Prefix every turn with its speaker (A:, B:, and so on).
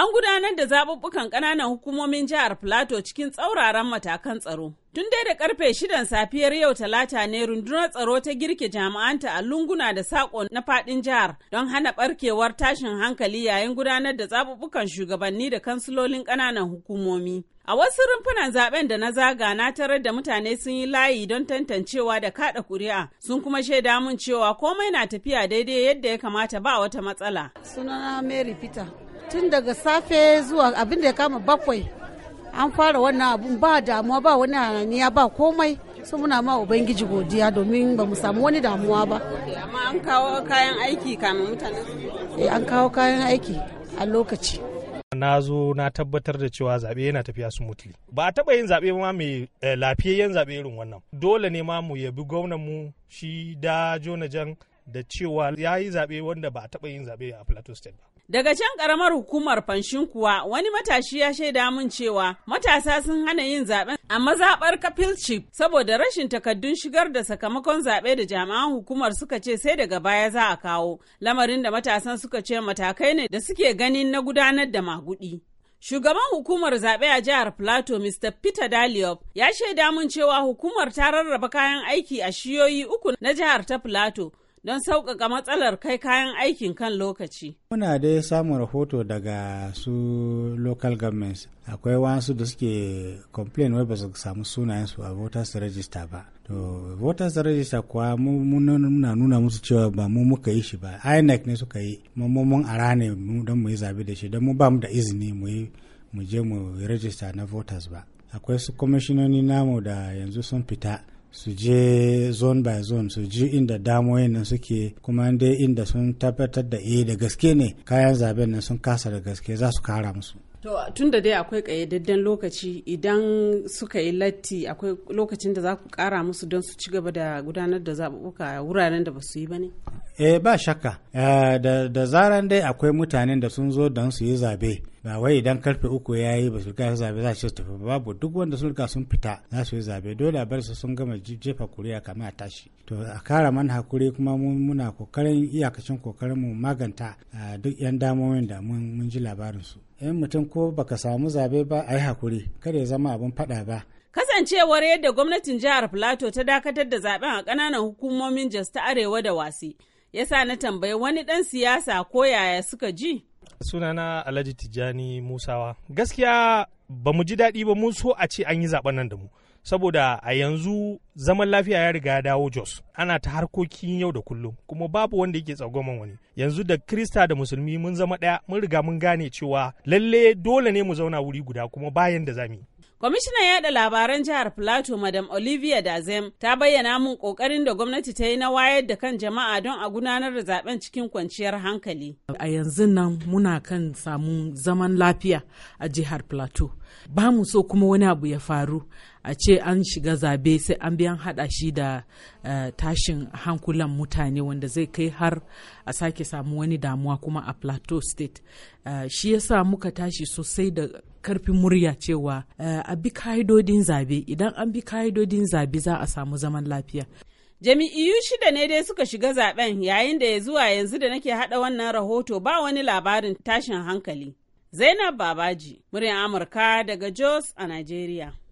A: An gudanar da zaɓuɓɓukan ƙananan hukumomin jihar Filato cikin tsauraran matakan tsaro. Tun dai da karfe shidan safiyar yau talata ne rundunar tsaro ta girke jami'anta a lunguna da sako na faɗin jihar don hana ɓarkewar tashin hankali yayin gudanar da zaɓuɓɓukan shugabanni da kansilolin ƙananan hukumomi. A wasu rumfunan zaben da na zaga na tarar da mutane sun yi layi don tantancewa da kaɗa kuri'a sun kuma shaida mun cewa komai na tafiya daidai yadda ya kamata ba wata matsala. Sunana Mary Peter tun daga safe zuwa abin da ya kama bakwai an fara wannan abun ba damuwa ba wani hananiya ba komai su muna ma ubangiji godiya domin ba mu samu wani damuwa ba amma an kawo kayan aiki kamin mutane eh, an kawo kayan aiki a lokaci
B: na zo na tabbatar da cewa zaɓe yana tafiya su mutu. ba a taɓa yin zaɓe ma mai eh, lafiyayyen zaɓe irin wannan dole ne ma mu yabi gwamnan mu shi da jona jan da cewa ya yi zaɓe wanda ba a taɓa yin zaɓe a Plateau State ba.
A: Daga can karamar hukumar fanshin kuwa wani matashi ya shaida mun cewa matasa sun hana yin zaɓen a mazaɓar kafil chief saboda rashin takaddun shigar da sakamakon zaɓe da jami'an hukumar suka ce sai daga baya za a kawo lamarin da matasan suka ce matakai ne da suke ganin na gudanar da magudi. Shugaban hukumar zaɓe a jihar Plateau, Mr. Peter Daliop, ya shaida mun cewa hukumar ta rarraba kayan aiki a shiyoyi uku na jihar ta Plateau, don sauƙaƙa matsalar kai kayan aikin kan lokaci.
C: Muna dai samun rahoto daga su local governments akwai wasu da suke complain wai ba su samu sunayensu a voters register ba. To voters register kuwa muna nuna musu cewa ba mu muka yi shi ba INEC ne suka yi mun ara ne don mu yi zabe da shi don mu ba mu da izini mu je mu register na voters ba. akwai su kwamishinoni namu da yanzu sun fita su je zone by zone su ji inda damoyin nan suke kuma dai inda sun tabbatar da eh da gaske ne kayan zaben nan sun kasa da gaske za su kara musu
A: To tun da dai akwai ƙayyadadden lokaci idan suka yi latti akwai lokacin da za ku ƙara musu don su ci gaba da gudanar da zaɓuɓɓuka wuraren da ba su yi ba ne?
C: eh ba shakka eh, da zaran dai akwai mutanen da sun zo don su yi zabe ba wai idan karfe uku ya yi ba su riga zabe za su tafi babu duk wanda sun riga sun fita za su yi zabe dole a bar su sun gama jefa kuri'a kamar a tashi to a kara man hakuri kuma muna kokarin iyakacin kokarin mu maganta eh, duk yan damomin da mun ji labarin su yan mutum ko baka samu zabe ba a yi hakuri kada ya zama abin faɗa ba
A: kasancewar yadda gwamnatin jihar plateau ta dakatar da zaben a kananan hukumomin jos ta arewa da wasi yasa na tambayi wani ɗan siyasa ko yaya suka ji.
B: Sunana Alhaji Tijjani Musawa. Gaskiya ba mu ji daɗi ba mu so a ce an yi zaɓen nan da mu. saboda a yanzu zaman lafiya ya riga ya dawo jos ana ta harkokin yau da kullum kuma babu wanda yake tsagoman wani yanzu da krista da musulmi mun zama ɗaya mun riga mun gane cewa lalle dole ne mu zauna wuri guda kuma bayan da zamu
A: Kwamishinan yada labaran jihar Plateau Madam Olivia Dazem ta bayyana mun kokarin da gwamnati ta yi na wayar da kan jama'a don a gudanar da zaben cikin kwanciyar hankali. A yanzu nan muna kan samun zaman lafiya a jihar Plateau. Ba mu so kuma wani abu ya faru. a ce an shiga zabe sai an biyan hada shi da uh, tashin hankulan mutane wanda zai kai har a sake samu wani damuwa kuma a plateau state uh, shi yasa muka tashi sosai da karfin murya cewa uh, a bi ka'idodin zabe idan an bi ka'idodin zabe za a samu zaman lafiya Jami'iyu shida ne dai suka shiga zaben yayin da ya zuwa yanzu da nake hada wannan rahoto ba wani labarin tashin hankali. Zainab Babaji, muryar Amurka daga Jos a nigeria.